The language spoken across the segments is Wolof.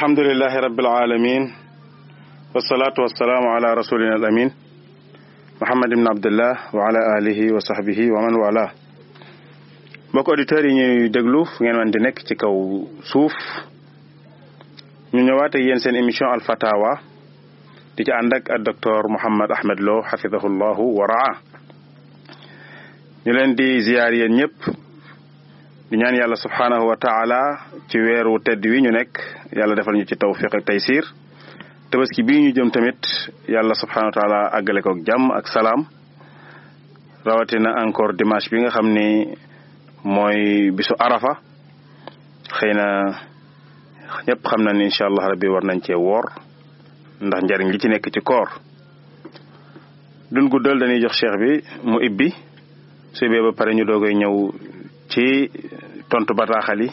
alhamdulilahi rabbil alamin wasalaatu wasalaamu ala rasulina al amin muhammad ibn abdullah wa ala alihi wa sahbihi wa man wala mbokk auditeurs yi ñuy déglu fu ngeen man di nekk ci kaw suuf ñu ñëwaat ak yéen seen émission al fatawa di ci ànd ak docteur Mouhammad Ahmad Lo xafidahullahu wa raa ñu leen di ziyaar yéen ñëpp di ñaan yàlla subhaanahu wa taala ci weeru tedd wi ñu nekk yàlla defal ñu ci taw tawfiq ak taysiir tabaski bii ñu jëm tamit yàlla subhaanahu wa taala àggale ko ak jàmm ak salaam rawatina encore dimanche bi nga xam ni mooy bisu arafa xëy na ñëpp xam na ni incha allah rabbi war nañ cee woor ndax njariñ li ci nekk ci koor dun guddal dañuy jox cheikh bi mu ibbi su bee pare ñu doogay ñëw ci tontu bataaxal yi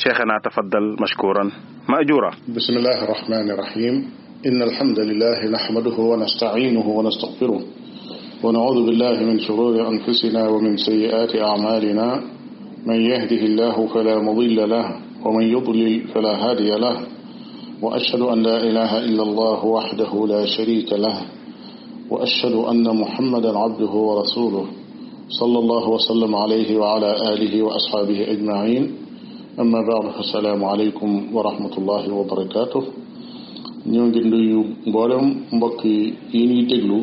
cheikhana tafaddal mashkuran majuura bismillahi rahmani rahim inna alhamdulilahi nahmaduhu wa nasta'inuhu wa nastaghfiruh wa na'udhu billahi min shururi anfusina wa min sayyi'ati a'malina man yahdihillahu fala mudilla lahu wa man yudlil fala hadiya lahu wa ashhadu an la ilaha illa allah wahdahu la sharika lahu wa ashhadu anna muhammadan abduhu wa rasuluh sallallahu wa sallam alayhi wa ala alihi wa ashaabihi ajmain amma baadu assalaamu aleykum wa rahmatullahi wa barakaatuh ñoo ngi nuyu mboolem mbokk yi ñuy déglu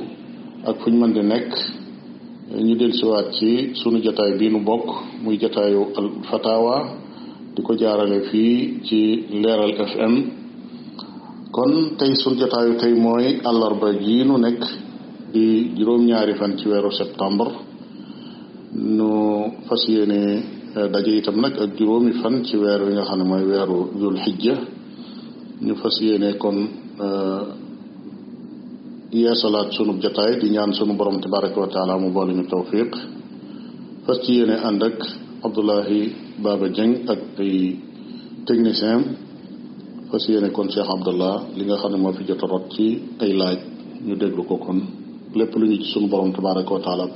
ak fu ñu mën di nekk ñu dellusiwaat ci sunu jataay bii nu bokk muy jataayu al fatawa di ko jaarale fii ci leeral fm kon tey sunu jataayu tey mooy àllarba jii nu nekk di juróom-ñaari fan ci weeru septembre nu fas yéene eh, daje itam nag ak juróomi fan ci weer wi nga xam ne mooy weeru dul xijja ñu fas yéene kon eh, yeesalaat sunu jataay di ñaan sunu borom tabaraka wa mu boole ñu tawfiq fas ci yéene ànd ak Abdoulahi Baba Dieng ak ay technicien fas yéene kon Cheikh Abdallah li nga xam ne moo fi jot ci ay laaj ñu déglu ko kon lépp lu ñu ci sunu borom tabaraka wa taala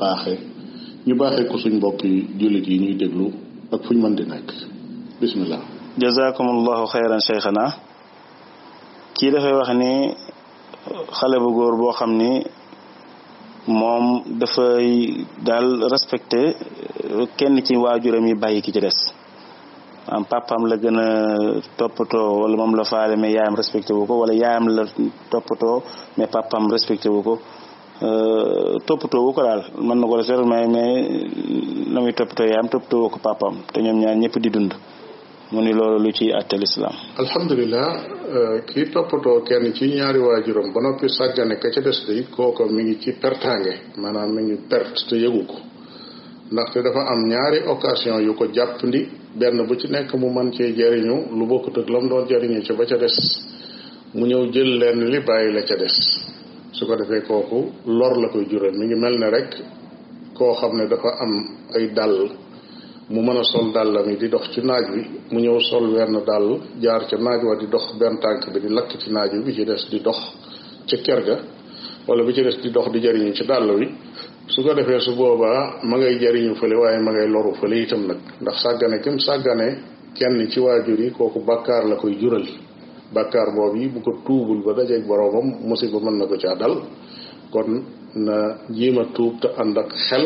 ñu baaxee ko suñ mbokk yi jullit yi ñuy déglu ak fuñ mën di nekk bismillah jazakumullahu xayran cheikhana kii dafay wax ni xale bu góor boo xam ni moom dafay daal respecté kenn ci waajuram yi bàyyi ki ci des am papaam la gën a toppatoo wala moom la faale mais yaayam respecté wu ko wala yaayam la toppatoo mais papaam respecté wu ko Euh, toppatoo wu ko daal mën na ko reseer mais mais na muy toppatoo yaayam toppatoo wu ko papaam te ñoom ñaar ñëpp di dund mu ni loolu lu ci àtte lislaam alhamdulilah euh, kii toppatoo kenn ci ñaari waajuram ba noppi sàggane ka ca des day kooko mi ngi ci pertaange maanaam mi ngi perte te yëgu ko ndaxte dafa am ñaari occasion yu ko jàppandi benn bu ci nekk mu mën cee jariñu lu bokk ak la mu doon jariñu ci ba ca des mu ñëw jël leen li bàyyi la ca des su ko defee kooku lor la koy jural mi ngi mel ne rek koo xam ne dafa am ay dàll mu mën a sol dàllam yi di dox ci naaj wi mu ñëw sol wenn dàll jaar ca naaj wa di dox benn tànk bi di lakk ci naaj wi bi ci des di dox ca kër ga wala bi ci des di dox di jariñu ci dàll wi su ko defee su boobaa ma ngay jariñu fële waaye ma ngay loru fële itam nag ndax sàggane kim sàggane kenn ci waajur yi kooku bàkkaar la koy jural bàkkaar boobu yi bu ko tuubul ba dajeeg boroomam musiba mën na ko caa dal kon na jéem a tuub te ànd ak xel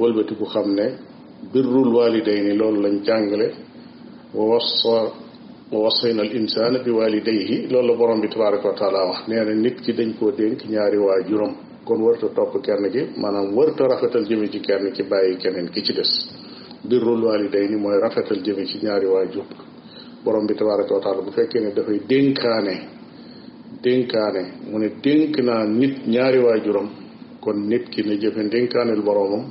wëlbati ku xam ne birrul waalidayni loolu lañ jàngale wa wassa wa wassayna al insaana bi waalidayhi loolu la borom bi tabaraka wa taala wax nee na nit ki dañ koo dénk ñaari juróom kon warta topp kenn ki maanaam warta rafetal jëme ci kenn ci bàyyi keneen ki ci des birrul waalidayni mooy rafetal jëme ci ñaari waajur borom bi tabaraka wa taala bu fekkee ni dafay dénkaane dénkaane mu ne dénk naa nit ñaari waajuram kon nit ki ne jëfe dénkaaneel boromam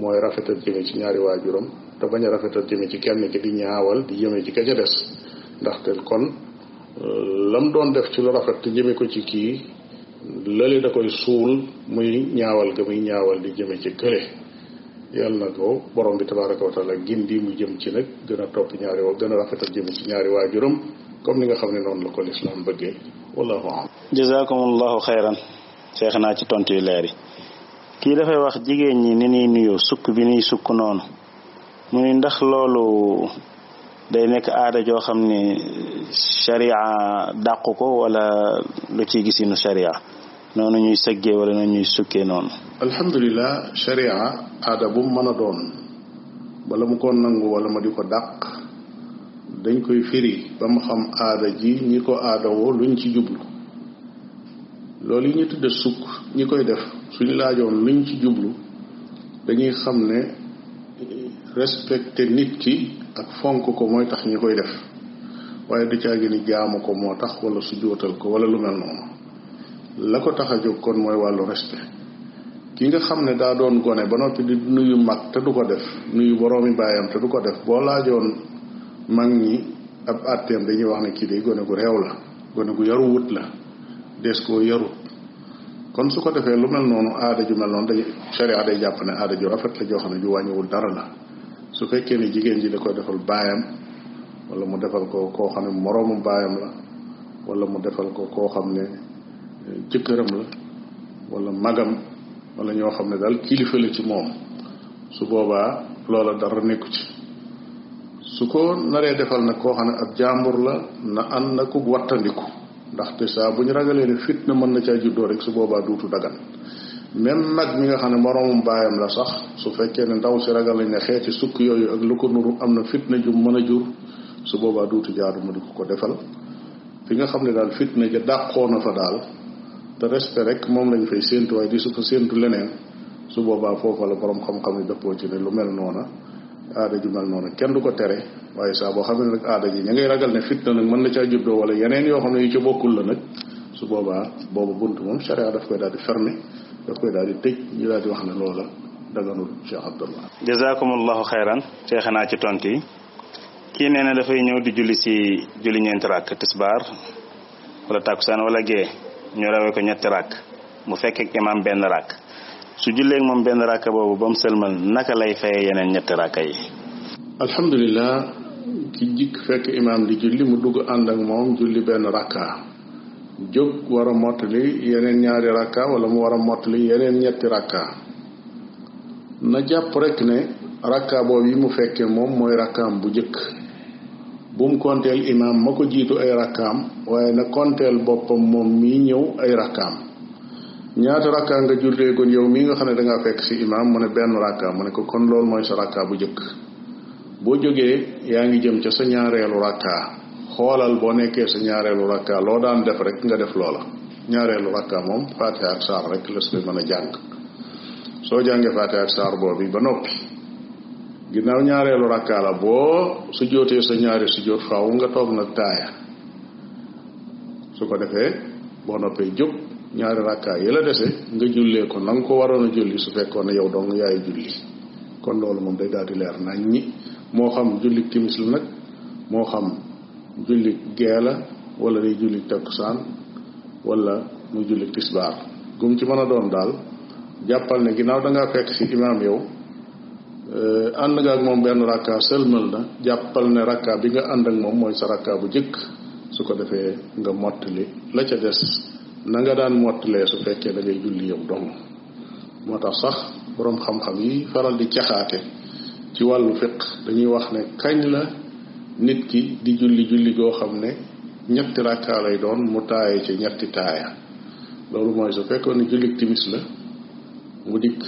mooy rafetal jëme ci ñaari waajuram te bañ a rafetal jëme ci kenn ki di ñaawal di jëme ci ka ca des ndaxte kon euh, lam doon def ci lu rafet te jëme ko ci kii lële da koy suul muy ñaawal ga muy ñaawal di jëme ci kële yàlla na ko borom bi tabaraka wa taala gindi mu jëm ci nag gën a topp ñaari waa gën a jëm ci ñaari waajuram comme ni nga xam ne noonu la ko lislaam bëggee wallahu alam jazakumullahu xayran naa ci tontu yu leer yi kii dafay wax jigéen ñi ni ñuy nuyoo sukk bi ñuy sukk noonu mu ndax loolu day nekk aada joo xam ni sharia dàqu ko wala lu ciy gisinu sharia noonu ñuy sëggee wala noonu ñuy sukkee noonu alhamdulilah sharia aada bu mën a doon bala mu ko nangu wala ma di ko dàq dañ koy firi ba mu xam aada ji ñi ko aada woo luñ ci jublu loolu yi ñu tudde sukk ñi koy def suñu laajoon luñ ci jublu dañuy xam ne respecté nit ki ak fonk ko mooy tax ñi koy def waaye du caagi ni jaamu ko moo tax wala su jootal ko wala lu mel noonu la ko tax a jóg kon mooy wàllu respect ki nga xam ne daa doon gone ba noppi di nuyu mag te du ko def nuyu boroomi baayam te du ko def boo laajoon mag ñi ab àtteem dañuy wax ne kii de gone gu réew la gone gu yaruwut la des koo yarut kon su ko defee lu mel noonu aada ju mel noonu dañuy sharia day jàpp ne aada ju rafet la joo xam ne ju wàññiwul dara la su fekkee ne jigéen ji da koy defal baayam wala mu defal ko koo xam ne moroomu baayam la wala mu defal ko koo xam ne jëkkëram la wala magam wala ñoo xam ne daal kilifa la ci moom su boobaa loola dara nekku ci su ko naree defal nag koo xam ne ab jàmbur la na ànd na ku wattandiku ndaxte saa bu ñu ragalee ne fitna mën na caa juddoo rek su boobaa duutu dagan même nag mi nga xam ne moroomum baayam la sax su fekkee ne ndaw si ragal ne xeeti sukk yooyu ak lu ko nuru am na ju mën a jur su boobaa duutu jaadu mu di ko ko defal fi nga xam ne daal fitna ja dàqoo na fa daal te respect rek moom lañu fay séentu waaye di su ko séentu leneen su booba foofa la borom xam-xam yi dëppoo ci ne lu mel noona aada ji mel noona kenn du ko tere waaye saa boo xam ne nag aada ji ña ngay ragal ne fitna nag mën na caa juddoo wala yeneen yoo xam ne yu ca la nag su boobaa boobu bunt moom charia daf koy daal di fermé daf koy daal di tëj ñu daal di wax ne loola daganul Cheikh Abdallah jazakumullahu xayran feexe naa ci tont yi nee na dafay ñëw di julli si julli ñeenti rakk tisbaar wala takusaan wala gee ñu rawee ko ñetti ràkk mu fekkee imaam benn ràkk su jullee moom benn ràkk boobu ba mu sëlmal naka lay fayee yeneen ñetti ràkk yi alhamdulilah ki jikk fekk imaam di julli mu dugg ànd ak moom julli benn ràkka jóg war mottali yeneen ñaari ràkka wala mu war a mottali yeneen ñetti ràkka na jàpp rekk ne ràkka boobu yi mu fekkee moom mooy ràkkaam bu jëkk bu mu konteel imaam ma ko jiitu ay rakkaam waaye na konteel boppam moom mii ñëw ay rakkaam ñaata rakkaa nga jullee kon yow mii nga xam ne dangaa fekk si imaam mu ne benn rakkaa mu ne ko kon loolu mooy sa rakkaa bu jëkk boo jógee yaa ngi jëm ca sa ñaareelu rakkaa xoolal boo nekkee sa ñaareelu rakkaa loo daan def rek nga def loola ñaareelu rakkaa moom faatiha ak saar rek la si mën a jàng soo jàngee faatiha ak saar boobu ba noppi ginnaaw ñaareelu rakkaa la boo su jootee sa ñaari su joot faaw nga toog nag taaya su ko defee boo noppee jóg ñaari rakkaa yi la dese nga jullee ko na ko waroon a julli su fekkoon ne yow dong yaay julli kon loolu moom day daal di leer nañ ñi moo xam julli timis la nag moo xam julli gee la wala day julli takkusaan wala mu julli tisbaar gum ci mën a doon daal jàppal ne ginnaaw dangaa fekk ci imaam yow Euh, ànd nga ak moom benn rakka sëlmal na jàppal ne rakka bi nga ànd ak moom mooy sa rakkaa bu jëkk su ko defee nga li la ca des na nga daan lee su fekkee da ngay julli yow moo tax sax boroom xam-xam yi faral di caxaate ci wàllu fiq dañuy wax ne kañ la nit ki di julli julli goo xam ne ñetti rakka lay doon mu taaye ci ñetti taaya loolu mooy su fekkoon ne julli timis la mu dikk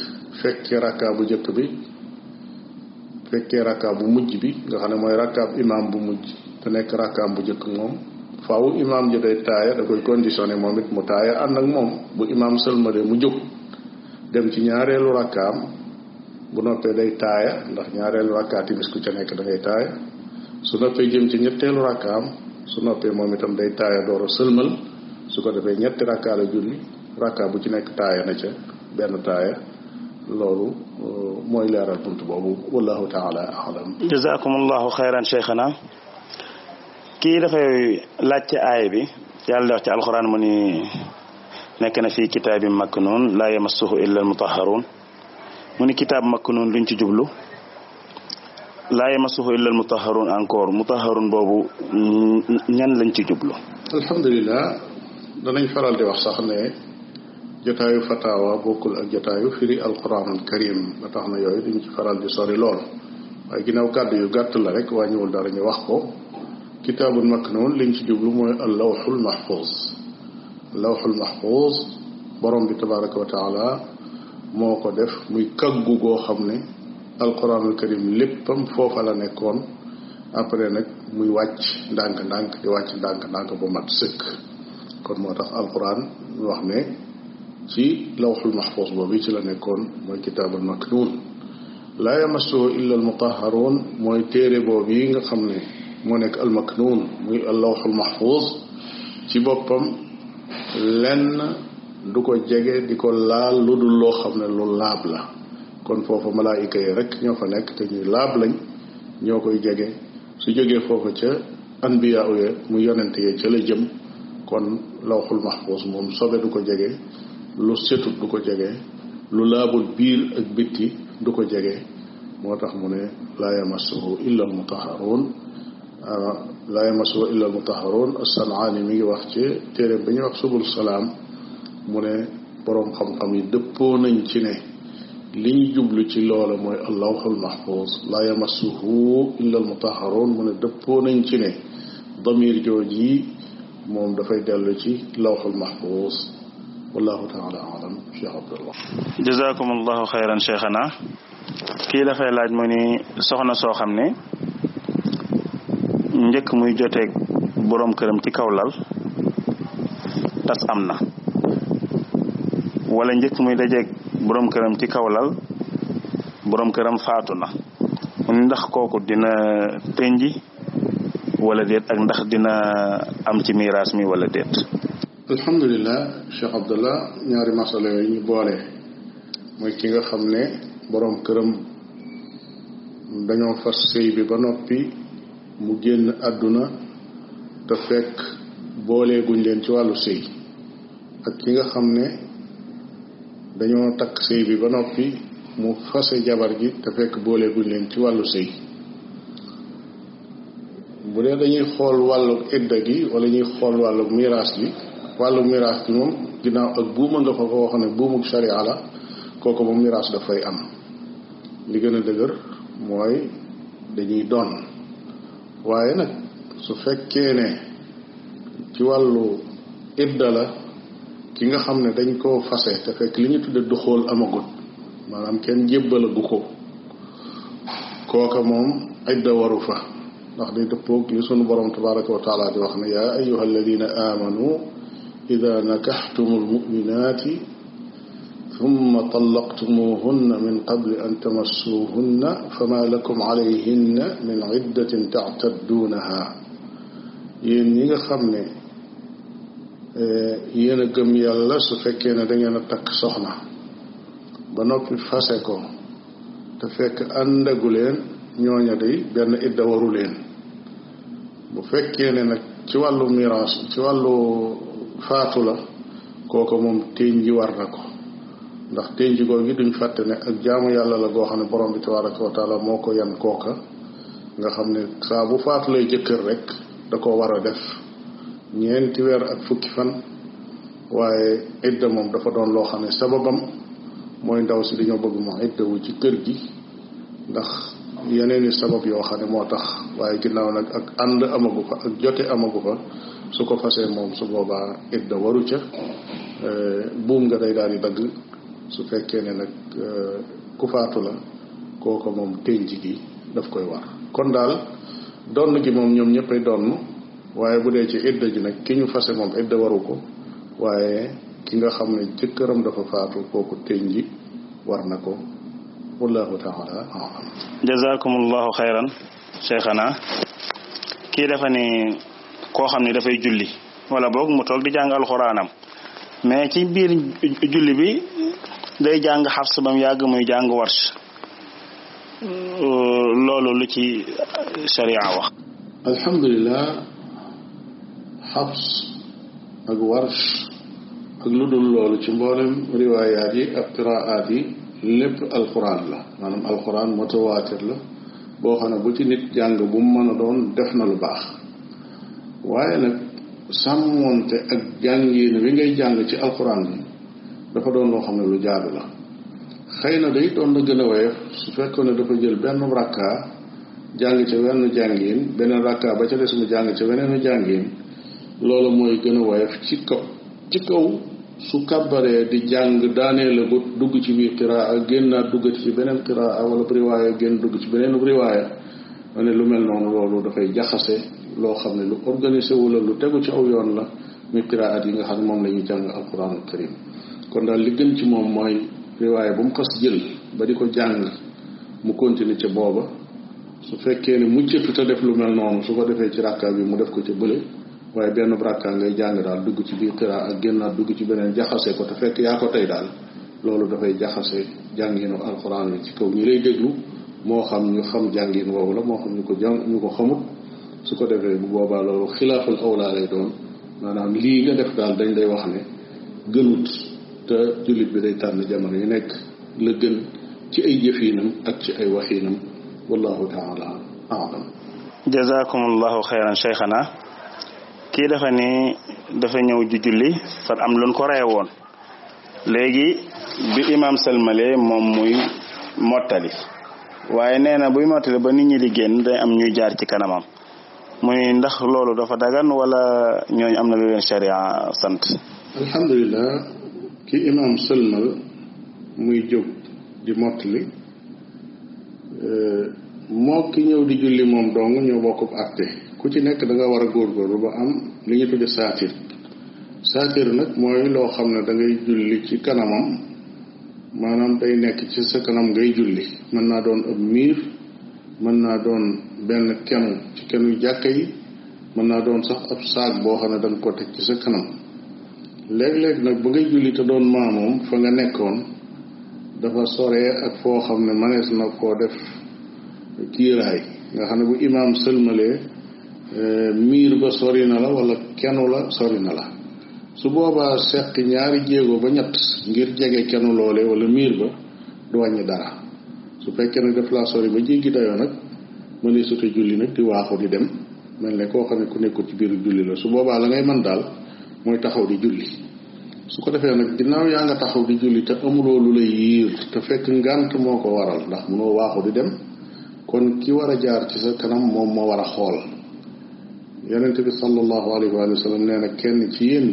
fekki rakka bu jëkk bi fekkee rakka bu mujj bi nga xam ne mooy rakkaab imaam bu mujj te nekk rakkaam bu njëkk moom faaw imaam ji day taaya da koy conditionné moom it mu taaya ànd ak moom bu imaam sëlmade mu jóg dem ci ñaareelu rakkaam bu noppee day taaya ndax ñaareelu rakkaa timis ku ca nekk dangay ngay taaya su noppee jëm ci ñetteelu rakkaam su noppee moom itam day taaya door a sëlmal su ko defee ñetti rakkaa la julli rakkaa bu ci nekk taaya na ca benn taaya loolu euh, mooy leeral bunt boobu wallahu taala alam laajte aay bi yàlla wax ci alxuraan mu ni nekk na fii kitaabi maknuun laa yamassuhu illa almutahharuun mu ni kitaab maknuun luñ ci jublu laa yamassuhu illa almutahharuun encore mutahharuun boobu ñan lañ ci jublu alhamdulilah danañ faral di wax ne jataayu fatawa bokkul ak jataayu firi alquranul karim ba tax na yooyu duñ ci faral di sori lool waaye ginnaaw kàddu yu gàtt la rek wàññiwul dara ñu wax ko kitaabul maknuun liñ ci jublu mooy al lawxul mahfuuz lawxul mahfuuz borom bi tabaraka wa taala moo ko def muy kaggu goo xam ne alquranul karim léppam foofa la nekkoon après nag muy wàcc ndànk-ndànk di wàcc ndànk-ndànk bu mat sëkk kon moo tax alquran wax ne ci lawxul maxfuus boobu ci la nekkoon mooy kitaabul maknuun laa yamassuhu illa al mooy téere boobu yi nga xam ne moo nekk al maknuun muy al lawxul maxfuus ci boppam lenn du ko jege di ko laal lu dul loo xam ne lu laab la kon foofa malaayika yi rek ñoo fa nekk te ñuy laab lañ ñoo koy jege su jógee foofa ca anbiyaa ya mu yonente ya ca la jëm kon lawxul maxfuus moom sobe du ko jege lu setut du ko jege lu laabul biir ak bitti du ko jege moo tax mu ne laa yamassuhu illa almutaharoon ah, laa yamassuhu illa almutaharoon as-San'aani mi ngi wax ci téere bi ñuy wax subul salaam mu ne boroom xam-xam yi dëppoo nañ ci ne li ñu jublu ci loola mooy allawhul mahfuuz laa mu ne dëppoo nañ ci ne damir jooj yi moom dafay dellu ci lawhul mahfuuz wallahu taala alam allahu xayran cheikhana kii dafay laaj mu ni soxna soo xam ne njëkk muy joteeg boroom këram ci kaw lal tas am na wala njëkk muy dajeeg boroom këram ci kaw lal boroom këram faatu na mu ni ndax kooku dina tënji wala déet ak ndax dina am ci miraas mi wala déet alhamdulilah Cheikh Abdallah ñaari masala yooyu ñu boole mooy ki nga xam ne boroom këram dañoo fas sëy bi ba noppi mu génn àdduna te fekk booleeguñ leen ci wàllu sëy ak ki nga xam ne dañoo takk sëy bi ba noppi mu fase jabar ji te fekk leen ci wàllu sëy bu dee dañuy xool wàllu idda gi wala ñuy xool wàllu miraas bi wàllu miraas bi moom ginnaaw ak buuma nga ko ko wax ne buumug sharia la kooku moom miraas daf fay am li gën a dëgër mooy dañuy doon waaye nag su fekkee ne ci wàllu idda la ki nga xam ne dañ koo fase te fekk li ñu tudde du xool amagut maanaam kenn jébbalagu ko kooka moom idda waru fa ndax day dëppoog li sunu borom tabaraka wa taala di wax ne yaa ayuha alladina amanu ida nakaxtumu almuminaati summa tallaqtumuhunna min qabli an tamassuuhunna famaa lakum alayhinna min iddatin tactadduunaha yéen ñi nga xam ne eh, yéen a gëm yàlla su fekkee ne dangeen a takk soxna ba noppi fase ko te fekk àndagu leen ñooña day benn idda waru leen bu fekkee ne nag ci wàllu miraas ci wàllu faatu la kooku moom téeñ ji war na ko ndax téeñ ji googu duñ fàtte ne ak jaamu yàlla la goo xam ne borom bi tabaraka wa taala moo ko yan kooka nga xam ne saa bu faatu lay jëkkër rek da ko war a def ñeenti weer ak fukki fan waaye idda moom dafa doon loo xam ne sababam mooy ndaw si dañoo bëgg mu iddawu ci kër gi ndax yeneeni sabab yoo xam ne moo tax waaye ginnaaw nag ak ànd amagu fa ak jote amagu fa su ko fasee moom su boobaa idda waru ca eh, buum nga day daal di dagg su fekkee ne nag eh, ku faatu la kooko moom tenj gi daf koy war kon daal donn gi moom ñoom ñëppay donn waaye bu dee ci idda ji nag ki ñu fase moom idda waru ko waaye ki nga xam ne jëkkëram dafa faatu kooku tenj war na ko wallahu taala alam jazakumullahu xayran cheikhana kii dafa ni koo xam ne dafay julli wala boog mu toog di jàng alxuraanam mais ci biir julli bi day jàng xafs ba mu yàgg muy jàng warsh euh, loolu lu ci sharia wax alhamdulilah xafs ak warsh ak lu dul loolu ci mboolem riwaayaat yi ak qiraat yi lépp alxuraan la maanaam alxuraan mutawaatir la boo xam ne bu ci nit jàng bu mu doon def na lu baax waaye nag sàmmoonte ak jàngiin wi ngay jàng ci alxuraan bi dafa doon loo xam ne lu jaadu la xëy na day doon la gën a woyof su fekkoon ne dafa jël benn rakka jàng ca wenn jàngiin beneen rakka ba ca des jàng ca weneenu jàngiin loolu mooy gën a woyof ci kaw ci su kàbbaree di jàng daaneela bu dugg ci biir qiraa génn naa duggati ci beneen qiraa wala riwaaya génn dugg ci beneen riwaaya ma ne lu mel noonu loolu dafay jaxase loo xam ne lu organisé wu la lu tegu ci aw yoon la muy qiraat yi nga xam moom la ñuy jàng alquranul karim kon daal li gën ci moom mooy riwaaya bu mu xas jël ba di ko jàng mu continuer ci booba su fekkee ne muccatu te def lu mel noonu su ko defee ci rakka bi mu def ko ci bële waaye benn rakka ngay jàng daal dugg ci biir qiraa ak génnaat dugg ci beneen jaxase ko te fekk yaa ko tey daal loolu dafay jaxase jànginu alquran bi ci kaw ñi lay déglu moo xam ñu xam jàngin woowu la moo xam ñu ko jàng ñu ko xamut su ko defee bu boobaa loolu xilaaful awlaa lay doon maanaam lii nga def daal dañ lay wax ne gënut te jullit bi day tànn jamono yu nekk la gën ci ay jëfiinam ak ci ay waxiinam wallahu taala kii dafa ni dafa ñëw ju julli far am luñ ko ree woon léegi bi imam salmale moom muy mottali waaye nee na buy mottali ba nit ñi di génn day am ñuy jaar ci kanamam muy ndax loolu dafa dagan wala ñooñu am na lu leen sharia sant alhamdulilah ki imaam sëlmal muy jóg di mottali euh, moo ki ñëw di julli moom dong ñoo bokkub àtte ku ci nekk da war a góorgóorlu ba am li ñu tudde saatir saatir nag mooy loo xam ne da ngay julli ci kanamam maanaam day nekk ci sa kanam ngay julli mën naa doon ab miir mën naa doon benn kenu ci kenu jàkk yi mën naa doon sax ab saag boo xam ne danga ko teg ci sa kanam léeg-léeg nag ba ngay julli te doon maamoom fa nga nekkoon dafa soree ak foo xam ne manees na koo def kiiraay nga xam ne bu imaam sëlmalee eh, miir ba sori na la wala kenu la sori na la su boobaa seq ñaari jéego ba ñett ngir jege kenu loole wala miir ba du wàññi dara su fekkee nag daf laa sori ba jéggi dayoo nag ma ne sota julli nag di waaxu di dem mel ne koo xam ne ku nekkul ci biir julli la su boobaa la ngay mën daal mooy taxaw di julli su ko defee nag ginnaaw yaa nga taxaw di julli te amuloo lu lay yiir te fekk ngànt moo ko waral ndax mënoo waaxu di dem kon ki war a jaar ci sa kanam moom moo war a xool yonente bi sallallahu wa sallam nee na kenn ci yéen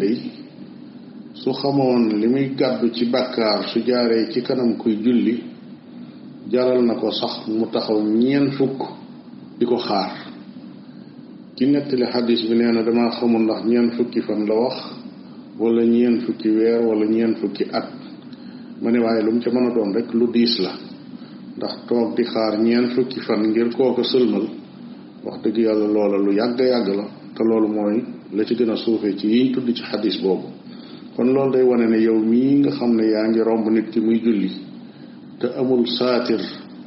su xamoon li muy gàddu ci bàkkaar su jaaree ci kanam kuy julli jaral na ko sax mu taxaw ñeent fukk di ko xaar ci nettali xadis bi nee na damaa xamul ndax ñeen fukki fan la wax wala ñeen fukki weer wala ñeent fukki at ma ne waaye lu mu ca mën a doon rek lu diis la ndax toog di xaar ñeent fukki fan ngir kooka sëlmal wax dëgg yàlla loola lu yàgg yàgg la te loolu mooy la ci gën a suufee ci yiñ tudd ci xadis boobu kon loolu day wone ne yow mii nga xam ne yaa ngi romb nit ki muy julli te amul saatir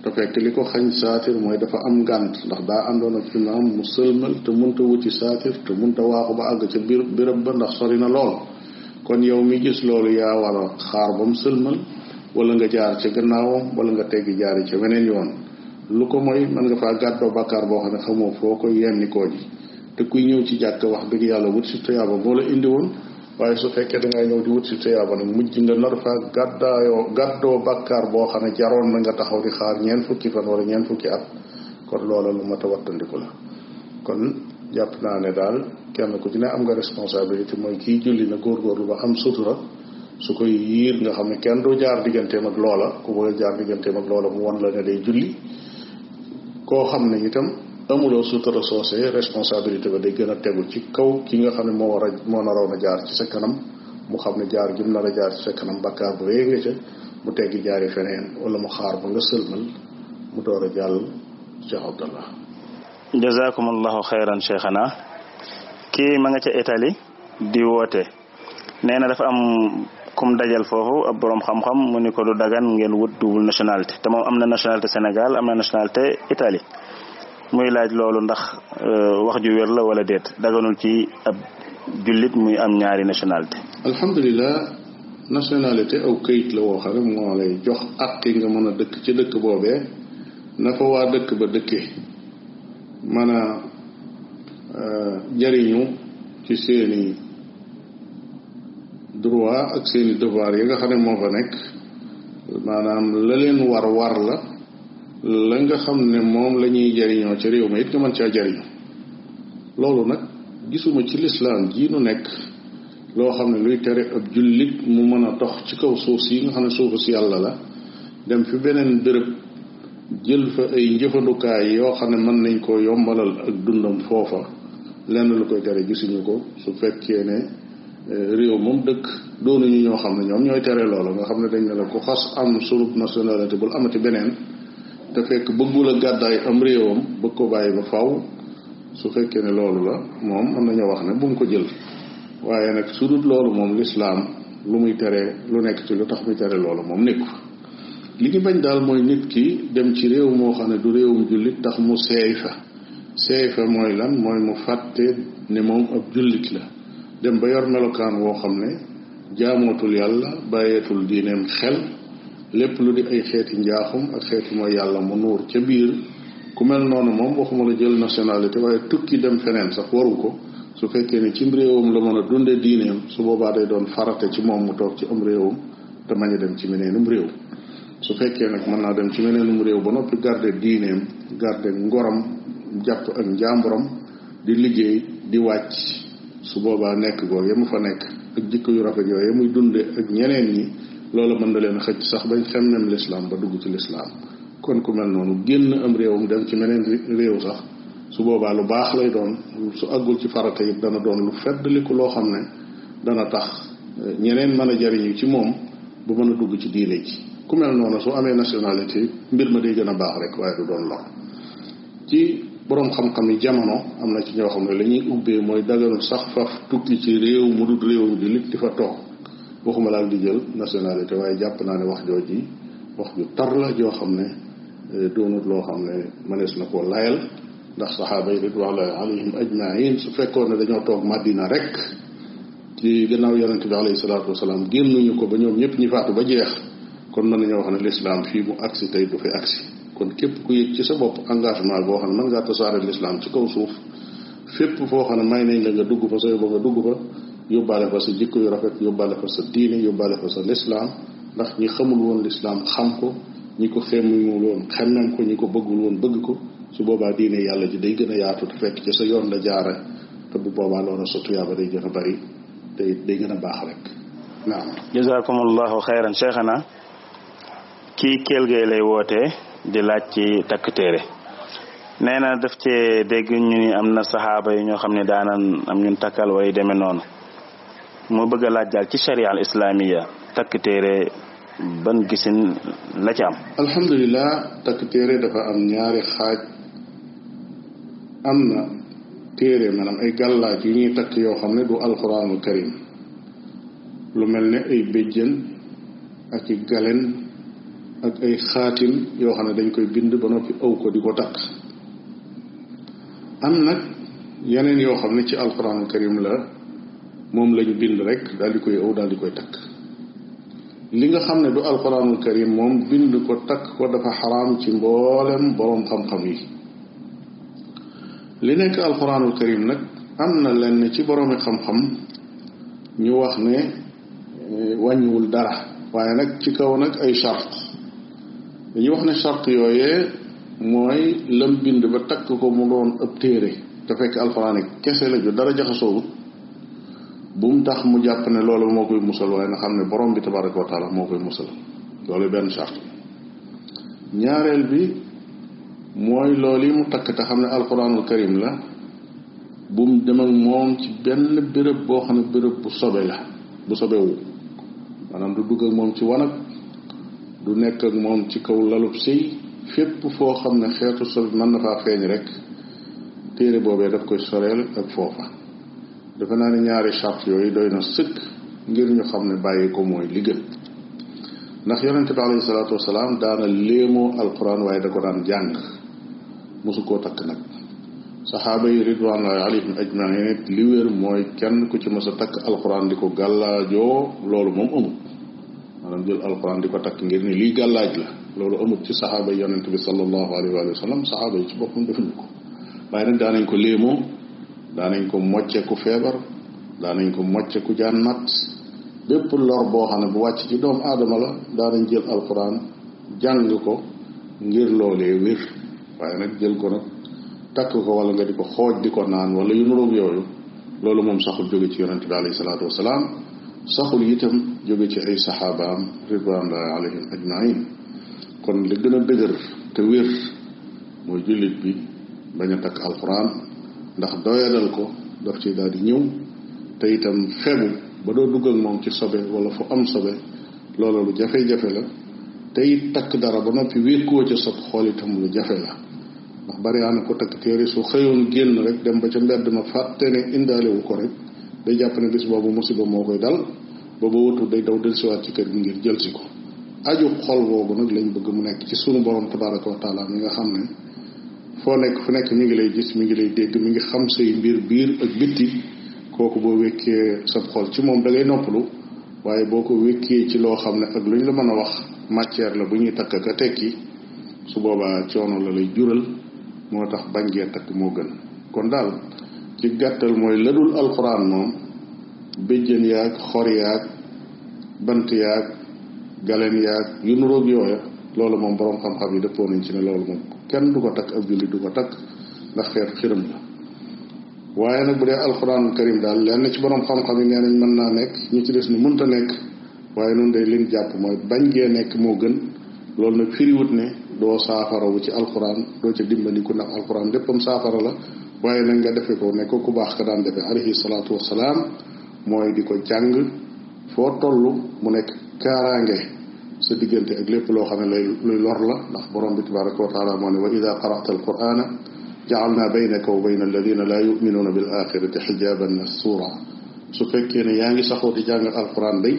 te fekk li ko xañ saatir mooy dafa am ngànt ndax daa àndoon ak imaam mu sëlmal te munta wuti saatir te munta waaxu ba àgg ca biir béréb ba ndax sori na lool kon yow mi gis loolu yaa war a xaar ba mu sëlmal wala nga jaar ca gannaawam wala nga teggi jaari ca weneen yoon lu ko mooy mën nga faa gàddoo bàkkaar boo xam ne xamoo foo ko yennikoo ji te kuy ñëw ci jàkk wax dëgg yàlla wut si tuyaaba moo la indi woon waaye su fekkee da ngay ñëw di wut si tuyaaba nag mujj nga nar fa gàddaayoo gàddoo bakkaar boo xam ne jaroon na nga taxaw di xaar ñeent fukki fan wala ñeent fukki at kon loola lu mat a wattandiku la kon jàpp naa ne daal kenn ku ci ne am nga responsabilité mooy kii julli na góorgóorlu ma am sutura su koy yiir nga xam ne kenn du jaar digganteem ak loola ku bëgg jaar digganteem ak loola mu wan la ne day julli koo xam ne itam amuloo sutura soosee responsabilité ba day gën a tegu ci kaw ki nga xam ne moo war moo naroon a jaar ci sa kanam mu xam ne jaar jum nar a jaar ci sa kanam bakkaar bu rëy nga ca mu teggi jaari feneen wala mu xaar ba nga sëlmal mu door a jàll Cheikh Abdallah jazakumullahu xayran cheikhana kii ma nga ca Italie di woote nee na dafa am kum dajal foofu ab boroom xam-xam mu ni ko du dagan ngeen wut double nationalité te moom am na nationalité Sénégal am na nationalité Italie muy laaj loolu ndax euh, wax ju wér la wala déet daganul ci ab jullit muy am ñaari nationalité alhamdulilah nationalité aw këyit la woo xam ne moo lay jox àq yi nga mën a dëkk ci dëkk boobee na fa waa dëkk ba dëkkee mën a euh, jariñu ci seeni droit ak seeni devoir yi nga xam ne moo fa nekk maanaam la leen war war la la nga xam ne moom la ñuy jariñoo ci réew ma it nga mën caa jariñu loolu nag gisuma ci lislaam jii nu nekk loo xam ne luy tere ab jullit mu mën a tox ci kaw suuf si nga xam ne suufu si yàlla la dem fi beneen dërëb jël fa ay njëfandukaay yoo xam ne mën nañ koo yombalal ak dundam foofa lenn lu koy tere gisuñu ko su fekkee ne eh, réew moom dëkk ñu ñoo xam ne ñoom ñooy tere loola nga xam ne dañ ne la ku xas am surub nationalité bul amati beneen te fekk bëggul a gàddaay am réewam bëgg ko bàyyi ba faw su fekkee ne loolu la moom mën nañoo wax ne bu mu ko jël waaye nag su dut loolu moom lislaam lu muy tere lu nekk ci lu tax muy tere loolu moom nekku li ñu bañ daal mooy nit ki dem ci réew moo xam ne du réewum jullit tax mu seey fa seey fa mooy lan mooy mu fàtte ne moom ab jullit la dem ba yor melokaan woo xam ne jaamootul yàlla bàyyeetul diineem xel lépp lu di ay xeeti njaaxum ak xeeti mooy yàlla mu nuur ca biir ku mel noonu moom waxuma la jël nationalité waaye tukki dem feneen sax waru ko su fekkee ne cim réewam la mën a dundee diineem su boobaa day doon farate ci moom mu toog ci am réewam te mañ a dem ci meneenum réew su fekkee nag mën naa dem ci meneenum réew ba noppi garde diineem garde ngoram jàpp ak njàmburam di liggéey di wàcc su boobaa nekk googee mu fa nekk ak jikko yu rafet yooye muy dunde ak ñeneen ñi loolu mën na leen xëcc sax bañ xem nem lislaam ba dugg ci lislaam kon ku mel noonu génn am mu dem ci meneen réew sax su boobaa lu baax lay doon su àggul ci farata yi dana doon lu feddliku loo xam ne dana tax eh, ñeneen mën a jariñu ci moom bu mën a dugg ci diine ji ku mel noonu su amee nationalité mbir ma day gën a baax rek waaye du doon lor ci boroom xam-xam yi jamono am na ci ñoo xam ne la ñuy ubbee mooy daganul sax faf tukki ci réew mu dul réewum jullit di fa toog ma laal di jël nationalité waaye jàpp naa ne wax jooji wax ju tar la joo xam ne eh, doonut loo xam ne mënees na koo layal ndax saxaaba yi ridwanullahi alayhim ajmain su fekkoon ne dañoo toog màddina rek ci gannaaw yonente bi alayhi salaatu wasalaam génnuñu ko ba ñoom ñëpp ñi faatu ba jeex kon na nañoo wax ne lislaam fii mu agsi tey du fi agsi kon képp ku yëg ci sa bopp engagement boo xam ne mën ngaa tasaare lislaam ci kaw suuf fépp foo xam ne may nañ la nga dugg fa sooy dugg fa yóbbaale fa sa jikko yu rafet yóbbaale fa sa diine yóbbaale fa sa lislaam ndax ñi xamul woon lislaam xam ko ñi ko xemmul woon xemmem ko ñi ko bëggul woon bëgg ko su boobaa diine yàlla ji day gën a yaatu te fekk ci sa yoon la jaare te bu boobaa loolu sa tuyaaba day gën a bari te day gën a baax rek naam jazakumullahu xayran cheikhana kii Kell Gueye lay wootee di laaj ci takk téere nee naa def cee dégg ñu ni am na saxaaba yi ñoo xam ne daanan am ñun takkal way demee noonu moo bëgg a laaj ci charia al islamiya takk téere ban gisin la ci am alhamdulilah takk téere dafa am ñaari xaaj am na téere maanaam ay gàllaaj yu ñuy takk yoo xam ne du alquranul karim lu mel ne ay béjjën ak i galen ak ay xaatim yoo xam ne dañ koy bind ba noppi aw ko di ko takk am nag yeneen yoo xam ne ci alquranul karim la moom la ñu bind rek daal di koy ëw daal di koy takk li nga xam ne du alquranul karim moom bind ko takk ko dafa xaraam ci mboolem boroom xam-xam yi li nekk alquranul karim nag am na lenn ci boroomi xam-xam ñu wax ne eh, wàññiwul dara waaye nag ci kaw nag ay chart dañuy wax ne chart yooyee mooy lam bind ba takk ko mu doon ëpp téere te fekk alxuraan kese la ju dara jaxasoogut bu mu tax mu jàpp ne loolu moo koy musal waaye na xam ne borom bi tabaraka wa taala moo koy musal loolu benn charte ñaareel bi mooy loolu yi mu takk te xam ne alquranul karim la bu mu dem ak moom ci xam ne béréb bu sobe la bu sobewu maanaam du dugg moom ci wanag du nekk ak moom ci kaw lalub sëy fépp foo xam ne xeetu sobe mën na faa feeñ rek téere boobee daf koy soreel ak foofa defe naa ne ñaari charte yooyu doy na sëkk ngir ñu xam ne bàyyi ko mooy li gën ndax yonente bi alayhi salaatu wasalaam daana léemoo alquran waaye da ko daan jàng mosu koo takk nag saxaaba yi ridwanullahi alayhim ajmain it li wér mooy kenn ku ci mos a takk alquran di ko gàllaajoo loolu moom amut maanaam jël alquran di ko takk ngir ni lii gàllaaj la loolu amut ci saxaaba yi yonente bi saxaaba yi ci boppam defuñu ko waaye nag daanañ ko léemoo daanañ ko mocce ku feebar daanañ ko mocce ku jaan mat bépp lor boo xam ne bu wàcc ci doomu aadama la daanañ jël alxuraan jàng ko ngir loole wér waaye nag jël ko nag takk ko wala nga di ko xooj di ko naan wala yu nuróog yooyu loolu moom saxul jóge ci yonente bi alayhi salaatu wasalaam saxul itam jóge ci ay saxaabaam ridwanullahi alayhim ajmain kon li gën a dëgër te wér mooy jullit bi bañ a takk alxuraan ndax doyadal ko daf ci daal di ñëw te itam febu ba doo dugg ak moom ci sobe wala fu am sobe loola lu jafe-jafe la te it takk dara ba noppi wékkoo ca sob xool itam lu jafe la ndax bari na ko takk téere su xëyoon génn rek dem ba ca mbedd ma fàtte ne indaale wu ko rek day jàpp ne bis boobu musiba moo koy dal booba wëtu day daw dellusiwaat ci kër gi ngir jël si ko aju xol boobu nag lañ bëgg mu nekk ci sunu borom tabaraka wa taala mi nga xam foo nekk fu nekk mi ngi lay gis mi ngi lay dégg mi ngi xam say mbir biir ak bitti kooku boo wékkee sab xol ci moom dangay noppalu waaye boo ko wékkee ci loo xam ne ak lu ñu la mën a wax matière la bu ñuy takk ak a tekki su boobaa coono la lay jural moo tax bañ gee takk moo gën kon daal ci gàttal mooy la dul alxuraan moom béjjën yaag xor yaag bant yaag galeen yaag yu nuróog yooya loolu moom boroom xam-xam yi dëppoo nañ ci ne loolu moom kenn du ko takk ab jullit du ko takk ndax xeetu xiram la waaye nag bu dee alxuraan karim daal lenn ci borom xam-xam yi nee mën naa nekk ñi ci des ni mënta nekk waaye noonu day leen jàpp mooy bañ gee nekk moo gën loolu nag firiwut ne doo saafarawu ci alxuraan doo ca dimbandiku ndax alxuraan léppam saafara la waaye nag nga defe ko nekk ku baax ka daan defee alayhi salaatu wasalaam mooy di ko jàng foo tollu mu nekk kaaraange sa diggante ak lépp loo xam ne luy lor la ndax borom bi tabaraka wa taala moo ne wa ida qara'ta al qur'ana ja'alna baynaka wa bayna alladina laa yuminuuna bil axirati xijaban masura su fekkee ne yaa ngi saxoo di jàng alquran day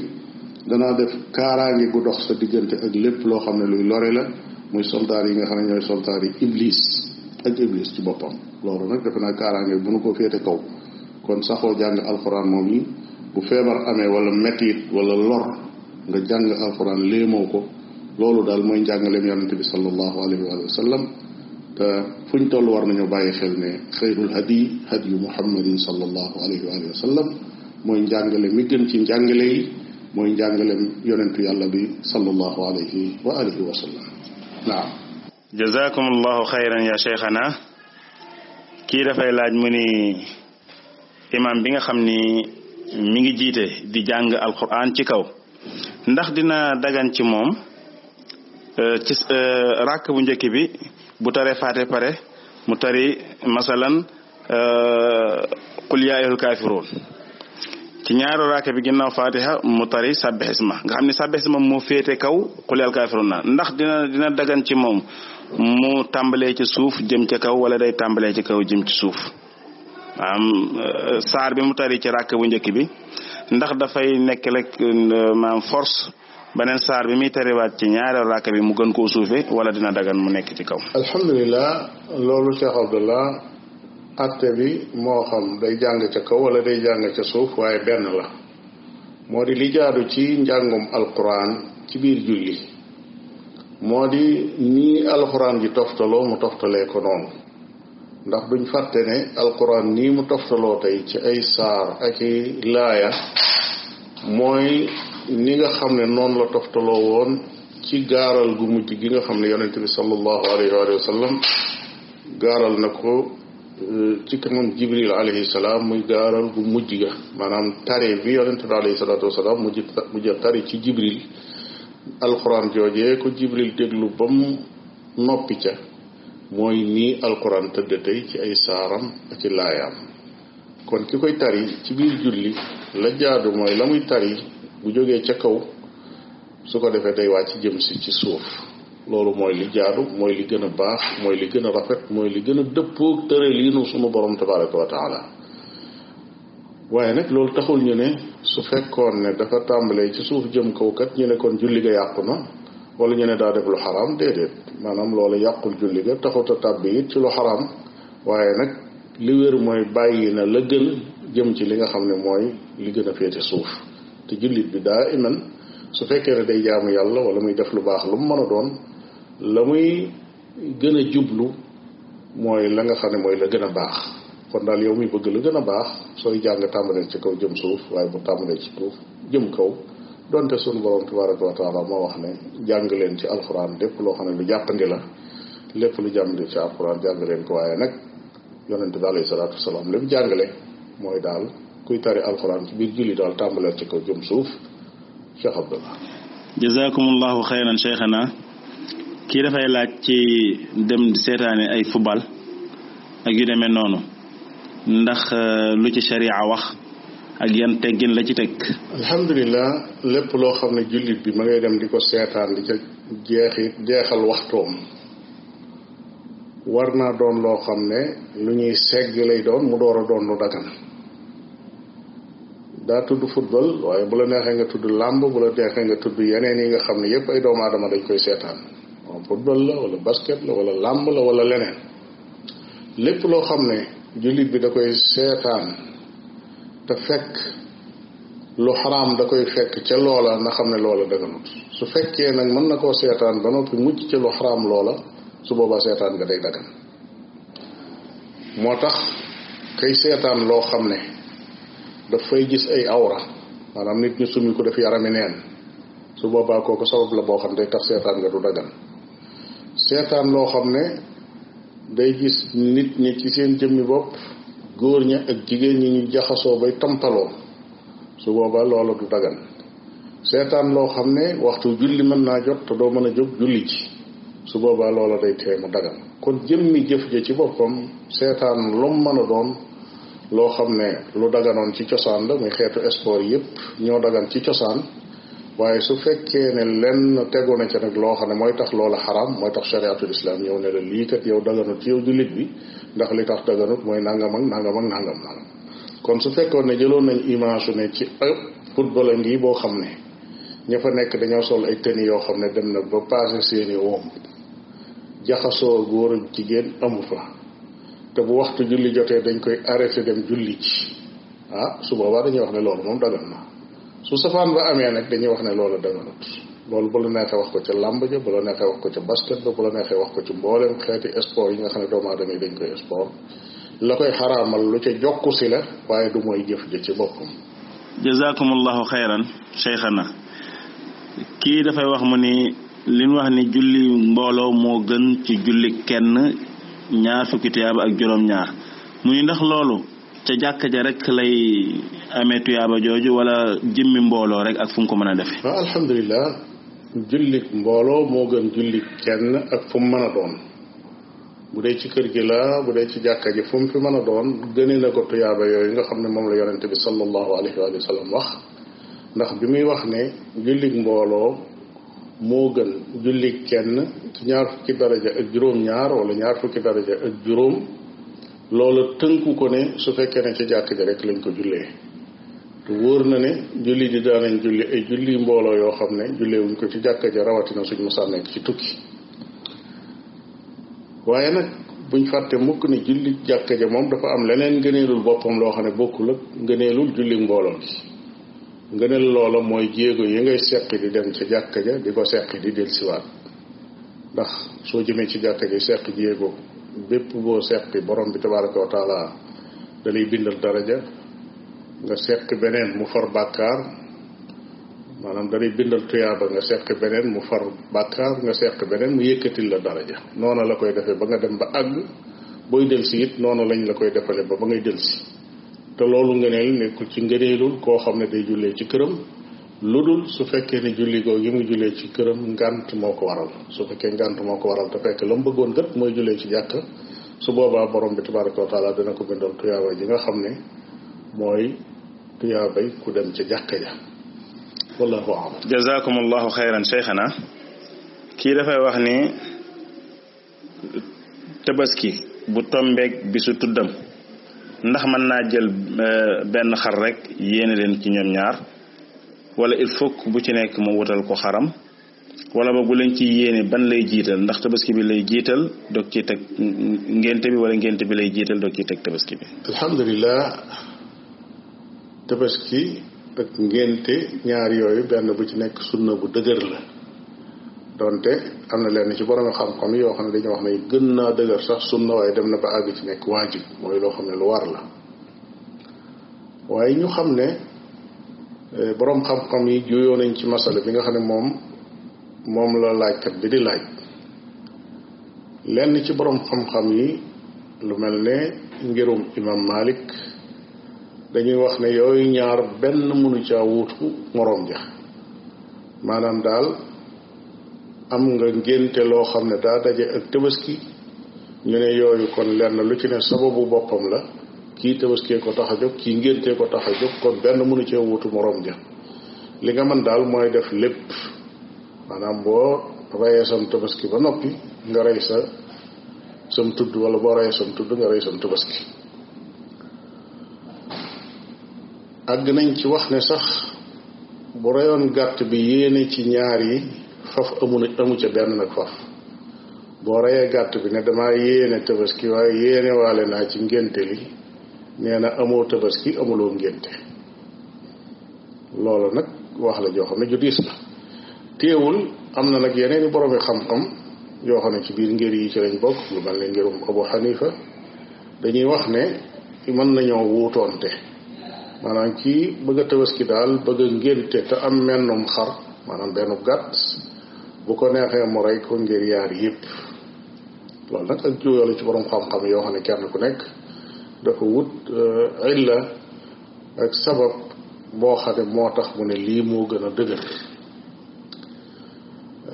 danaa def kaaraange gu dox sa diggante ak lépp loo xam ne luy lore la muy soldaar yi nga xam ne ñooy soldaar yi iblis ak iblis ci boppam loolu nag def naa kaaraange bu nu ko féete kaw kon saxoo jàng alquran moom yi bu feebar amee wala metit walla lor nga jàng alxuraan léemoo ko loolu daal mooy njàngaleem yonente bi sallallahu alayhi wa sallam te fu ñu toll war nañoo bàyyi xel ne xayrul hadi hadiyu muhammadin sallallahu alayhi wa sallam mooy njàngale mi ci njàngale yi mooy njàngaleem yonentu yàlla bi sallallahu alayhi wa alihi wa sallam naam jazakum allahu xayran ya cheikhana kii dafay laaj mu ni imam bi nga xam ni mi ngi jiite di jàng alquran ci kaw ndax dina dagan ci moom euh, ci euh, ràkk bu njëkk bi bu taree faate pare mu tari masalan euh, qul yaa ayyuhal kaafiruun ci ñaaru raaka bi ginnaaw fatiha mu tari sabbih ma nga xam ne sabbih isma moo féete kaw qul yaa na ndax dina dina dagan ci moom mu tàmbalee ci suuf jëm ci kaw wala day tàmbalee ci kaw jëm ci suuf am saar bi mu tari ci ràkk bu njëkk bi ndax dafay nekk rek euh, maam force beneen saar bi muy terewaat ci ñaareelu raaka bi mu gën koo suufe wala dina dagan mu nekk ci kaw alhamdulilah loolu Cheikh Abdallah atte bi moo xam day jàng ca kaw wala day jàng ca suuf waaye benn la moo di li jaadu ci njàngum alquran ci biir julli moo di nii alquran ji toftaloo mu toftalee ko noonu ndax buñ fàtte ne alquran nii mu toftaloo tey ci ay saar ak i laaya mooy ni nga xam ne noonu la toftaloo woon ci gaaral gu mujj gi nga xam ne yonent bi sallallahu alayhi wa gaaral na ko euh, ci kanam jibril alayhi salaam muy gaaral gu mujj ga maanaam tare bi yonent bi alayhi salaatu wasalaam mujj mujj tari ci jibril alquran joojee ko jibril déglu ba noppi ca mooy nii alquran tëdd tey ci ay saaram ak ci laayaam kon ki koy tari ci biir julli la jaadu mooy la muy tari bu jógee ca kaw su ko defee day wàcc jëm si ci suuf loolu mooy li jaadu mooy li gën a baax mooy li gën a rafet mooy li gën a dëppoog tëraliinu sunu borom tabaraka wa taala waaye nag loolu taxul ñu ne su fekkoon ne dafa tàmbalee ci suuf jëm kaw kat ñu ne kon julli ga yàqu na wala ñu ne daa def lu xaraam déedéet maanaam loolu yàqul julli ga taxut a tàbbi it ci lu xaraam waaye nag li wér mooy bàyyi na la gën jëm ci li nga xam ne mooy li gën a féete suuf te jullit bi daa iman su fekkee ne day jaamu yàlla wala muy def lu baax lu mu mën a doon la muy gën a jublu mooy la nga xam ne mooy la gën a baax kon daal yow mi bëgg la gën a baax sooy jàng tàmbalee ci kaw jëm suuf waaye bu tàmbalee ci suuf jëm kaw donte sunu borom tabaraka wa taala moo wax ne jàng leen ci alxuraan dépp loo xam ne lu jàppandi la lépp lu jàppandi ci alxuraan jàng leen ko waaye nag yonente bi alayhi salaatu wasalaam li mu jàngale mooy daal kuy tari alxuraan ci biir julli daal tàmbaleel ci kaw jëm suuf Cheikh Abdullah jazakumullahu xayran cheikhana kii dafay laaj ci dem seetaane ay football ak yu demee noonu ndax euh, lu ci sharia wax ak yan teggin la ci teg alhamdulilah lépp loo xam ne jullit bi ma ngay dem di ko seetaan di ca jeexit jeexal waxtoom war naa doon loo xam ne lu ñuy segg lay doon mu door doon lu dagan daa tudd football waaye bu la neexee nga tudd làmb bu la neexee nga tudd yeneen yi nga xam ne yépp ay doomu aadama dañ koy seetaan waaw la wala basket la wala làmb la wala leneen lépp loo xam ne jullit bi da koy seetaan te fekk lu xaraam da koy fekk ca loola na xam ne loola daganut su fekkee nag mën na koo seetaan ba noppi mujj ca lu xaraam loola su boobaa seetaan nga day dagan moo tax kay seetaan loo xam ne dafay gis ay awra maanaam nit ñu summi ko def yarami neen su boobaa kooku sabab la boo xam ne day tax seetaan seetaan loo xam ne day gis nit ñi ci seen jëmmi bopp góor ña ak jigéen ñi ñu jaxasoo bay tampaloo su boobaa loola du dagan seetaan loo xam ne waxtu julli mën naa jot te doo mën a jóg julli ji su boobaa loola day tee dagan kon jëmmi jëf ja ci boppam seetaan lu mën a doon loo xam ne lu daganoon ci cosaan la muy xeetu sport yépp ñoo dagan ci cosaan waaye su fekkee ne lenn tegoon na ca nag loo xam ne mooy tax loola xaram mooy tax chariatul islam ñëw ne la lii kat yow daganut ci yow jullit bi ndax li tax daganut mooy nangam ak nangam ak nangam nangam kon su fekkoon ne jëloon nañu image ne ci ëpp football ngi boo xam ne ña fa nekk dañoo sol ay tenue yoo xam ne dem na ba passé seeni woom jaxasoo góor ak jigéen amu fa te bu waxtu julli jotee dañ koy arrêté dem julli ci ah su boobaa dañuy wax ne loolu moom dagan na su safaan ba amee nag dañuy wax ne loolu daganut loolu bu la neexee wax ko ca làmb ja bu la neexee wax ko ca basket ba bu la neexee wax ko ci mboolem xeeti sport yi nga xam ne doomu aadama yi dañ koy sport la koy xaraamal lu ca jokku si la waaye du mooy jëf ja ci boppam jazakumullahu xayran cheikhana kii dafay wax ma ni li ñu wax ni julli mbooloo moo gën ci julli kenn ñaar fukki ak juróom-ñaar mu ni ndax loolu ca jàkka ja rek lay amee tuyaaba jooju wala jëmmi mbooloo rek ak fum ko mën a defee. alhamdulilah jullik mbooloo moo gën jullik kenn ak fu mën a doon bu dee ci kër gi la bu dee ci jàkka ji fu mu mën a doon gënee na ko tuyaaba yooyu nga xam ne moom la yonent bi sallallahu alayhi wa sallam wax ndax bi muy wax ne jullik mbooloo moo gën jullik kenn ci ñaar fukki daraja ak juróom-ñaar wala ñaar fukki daraja ak juróom loola tënku ko ne su fekkee ne ci jàkk ji rek lañ ko jullee wóor na ne julli di daanañ julli ay julli mbooloo yoo xam ne julleewuñ ko ci jàkka ja rawatina suñ mosaa nekk ci tukki waaye nag buñ fàtte mukk ni julli jàkka ja moom dafa am leneen ngëneelul boppam loo xam ne bokkul ak ngëneelul julli mbooloo gi ngëneel loola mooy jéego yi ngay seq di dem ca jàkka ja di ko seq di dellusiwaat ndax soo jëmee ci jàkka ja seq jéego bépp boo seqi borom bi tabaraka wa taala dalay bindal daraja nga seet beneen mu far bàkkaar maanaam dalay bindal tuyaaba nga seq beneen mu far bàkkaar nga seq beneen mu yëkkatil la dara daraja noona la koy defee ba nga dem ba àgg booy del si it noonu lañ la koy defale ba ba ngay del si te loolu ngëneel nekkul ci ngëneelul koo xam ne day jullee ci këram lu dul su fekkee ni julli googu yi mu jullee ci këram ngànt moo ko waral su fekkee ngànt moo ko waral te fekk la mu bëggoon gët mooy jullee ci jàkk su boobaa borom bi tabaraka wa taala dina ko bindal tuyaaba ji nga xam ne mooy tuyaabay ku dem ca jàkka ja wallahu a'lam jazakum allahu xayran cheikhana kii dafay wax ni tabaski bu tombeek bi su tuddam ndax mën naa jël eh, benn xar rek yéene leen ci ñoom ñaar wala il faut bu ci nekk mu wutal ko xaram wala ba bu leen ci yéene ban lay jiital ndax tabaski bi lay jiital dog ci teg ngénte bi wala ngénte bi lay jiital doog ci teg tabaski bi tabaski ak ngénte ñaar yooyu benn bu ci nekk sunna bu dëgër la donte am na lenn ci borom xam-xam yoo xam ne dañu wax ne gën naa dëgër sax sunna waaye dem na ba àgg ci nekk waajib mooy loo xam ne lu war la waaye ñu xam ne e, boroom xam-xam yi juyoo nañ ci masala bi nga xam ne moom moom la laajkat bi di laaj lenn ci boroom xam-xam yi lu mel ne ngirum imam Malik dañuy wax ne yooyu ñaar benn mënu caa wuutu moroom ja maanaam daal am nga ngénte loo xam ne daa daje ak tabaski ñu ne yooyu kon lenn lu ci ne sababu boppam la kii tabaskee ko tax a jóg kii ngéntee ko tax a jóg kon benn mënu cee wutu moroom ja li nga mën daal mooy def lépp maanaam boo reyee sam tabaski ba noppi nga rey sa sam tudd wala boo reyee sam tudd nga rey sam tabaski àgg nañ ci wax ne sax bu reyoon gàtt bi yéene ci ñaar yi faf amu na amu ca benn nag faf boo reyee gàtt bi ne damaa yéene tabaski waaye yéene naa ci ngénte li nee na amoo tabaski amuloo ngénte loolu nag wax la joo xam ne ju diis la téewul am na nag yeneen i boromi xam-xam yoo xam ne ci biir ngir yi ci lañ bokk lu mel ne ngirum Abu Xanifa dañuy wax ne mën nañoo wuutoonte maanaam kii bëgg a ki daal bëgg a ngénte te am mennum xar maanaam benn gàtt bu ko neexee mu rey ko ngir yaar yépp loolu nag ak jiw ci borom xam-xam yoo xam ne kenn ku nekk dafa wut euh, illa ak sabab boo xam ne moo tax mu ne lii moo gën a dëgër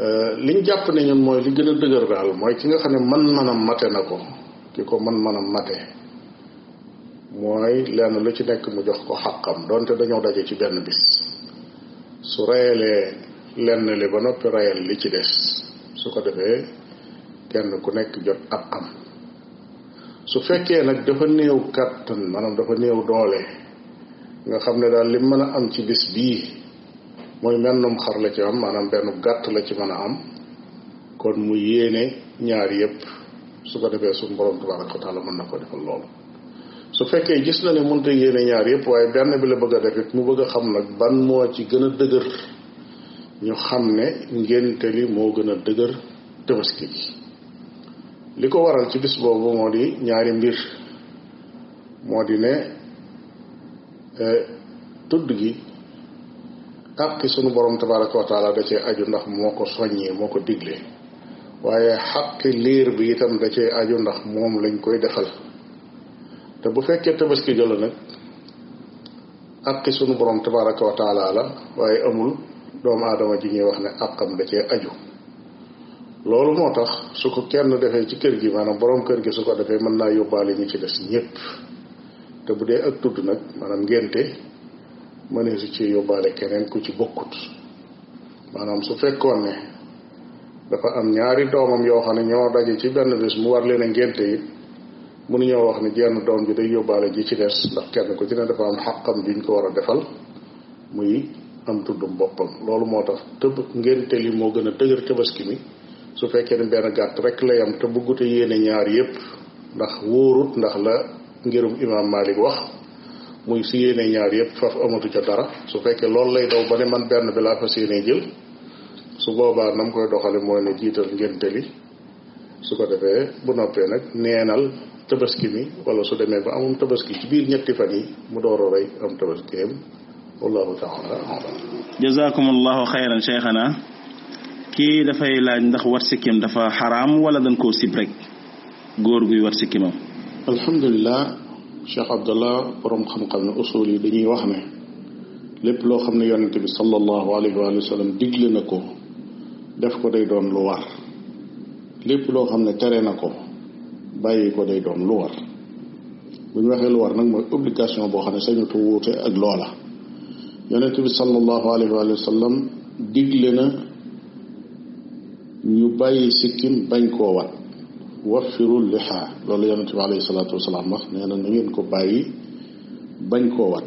euh, liñ jàpp ne ñun mooy li gën a dëgër daal mooy ki nga xam ne man-manam mate na ko ki ko man-manam mate mooy lenn lu ci nekk mu jox ko xàqam donte dañoo daje ci benn bis su reyalee lenn li ba noppi reyal li ci des su ko defee kenn ku nekk jot ab am su fekkee nag dafa néew kàttan maanaam dafa néew doole nga xam ne daal li mën a am ci bis bii mooy mennum xar la ci am maanaam benn gàtt la ci mën a am kon mu yéene ñaar yépp su ko defee suñu borom ko wa la mën na ko defal loolu su fekkee gis na ne mënta yéene ñaar yëpp waaye benn bi la bëgg a def mu bëgg a xam nag ban moo ci gën a dëgër ñu xam ne ngénte li moo gën a dëgër tabaski gi li ko waral ci gis boobu moo di ñaari mbir moo di ne e, tudd gi àqi sunu borom tabaraka wa taala da cee aju ndax moo ko soññee moo ko digle waaye xaqi liir bi itam da cee aju ndax moom lañ koy defal te bu fekkee tabaski jëla nag àqi sunu borom tabaraka wa la waaye amul doomu aadama ji ñuy wax ne àqam da cee aju loolu moo tax su ko kenn defee ci kër gi maanaam borom kër gi su ko defee mën naa yóbbaale ñu ci des ñépp te bu dee ak tudd nag maanaam ngénte mënee su ci yóbbaale keneen ku ci bokkut maanaam su fekkoon ne dafa am ñaari doomam yoo xam ne ñoo daje ci benn bés mu war leen a ngénte it mënuñoo wax ni jenn doom bi day yóbbaale ji ci des ndax kenn ku ci ne dafa am xàqam juñ ko war a defal muy am tuddum boppam loolu moo tax tëb ngénte li moo gën a dëgër tabaski mi su fekkee ne benn gàtt rek la yam te bëggut a yéene ñaar yépp ndax wóorut ndax la ngirum imaam Malik wax muy si yéene ñaar yépp faf amatu ca dara su fekkee loolu lay daw ba ne man benn bi laa fas yéene jël su boobaa nam koy doxale mooy ne jiital ngénte li su ko defee bu noppee nag neenal tabaski mi wala su demee ba amum tabaski ci biir ñetti fan yi mu door a rey am tabaskiyam wallahu taala alam jazakum allahu kii dafay laaj ndax wat sikkim dafa xaraam wala dañ koo sib rek góor guy wat sikkimam alhamdulilah cheikh abdallah borom xam-xam ne usul yi dañuy wax ne loo xam ne yonente bi sallallahu alayhi wa sallam digle na ko def ko day doon lu war loo xam ne tere na ko bàyyi ko day doon lu war bu ñu waxee lu war nag mooy obligation boo xam ne sañu ko wuute ak loola yonent bi sallallahu alayhi wa sallam digle na ñu bàyyi sikkim bañ koo wat waffiru liha loolu yonent bi alayhi salaatu wasalaam wax nee na na ngeen ko bàyyi bañ koo wat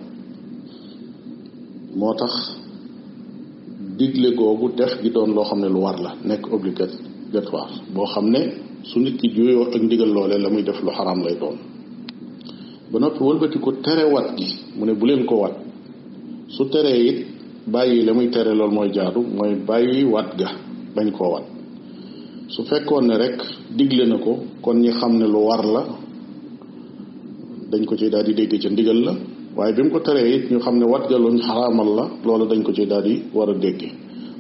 moo tax digle googu def gi doon loo xam ne lu war la nekk obligatoire boo xam ne su nit ki juyoo ak ndigal loolee la muy def lu xaraam lay doon ba noppi wëlbati ko tere wat gi mu ne bu leen ko wat su teree it bàyyi la muy tere lool mooy jaadu mooy bàyyi wat ga bañ koo wat su fekkoon ne rek digle na ko kon ñi xam ne lu war la dañ ko ci daal di dégg ca ndigal la waaye bi mu ko teree it ñu xam ne wat ga luñ xaraamal la loolu dañ ko ci daal di war a dégg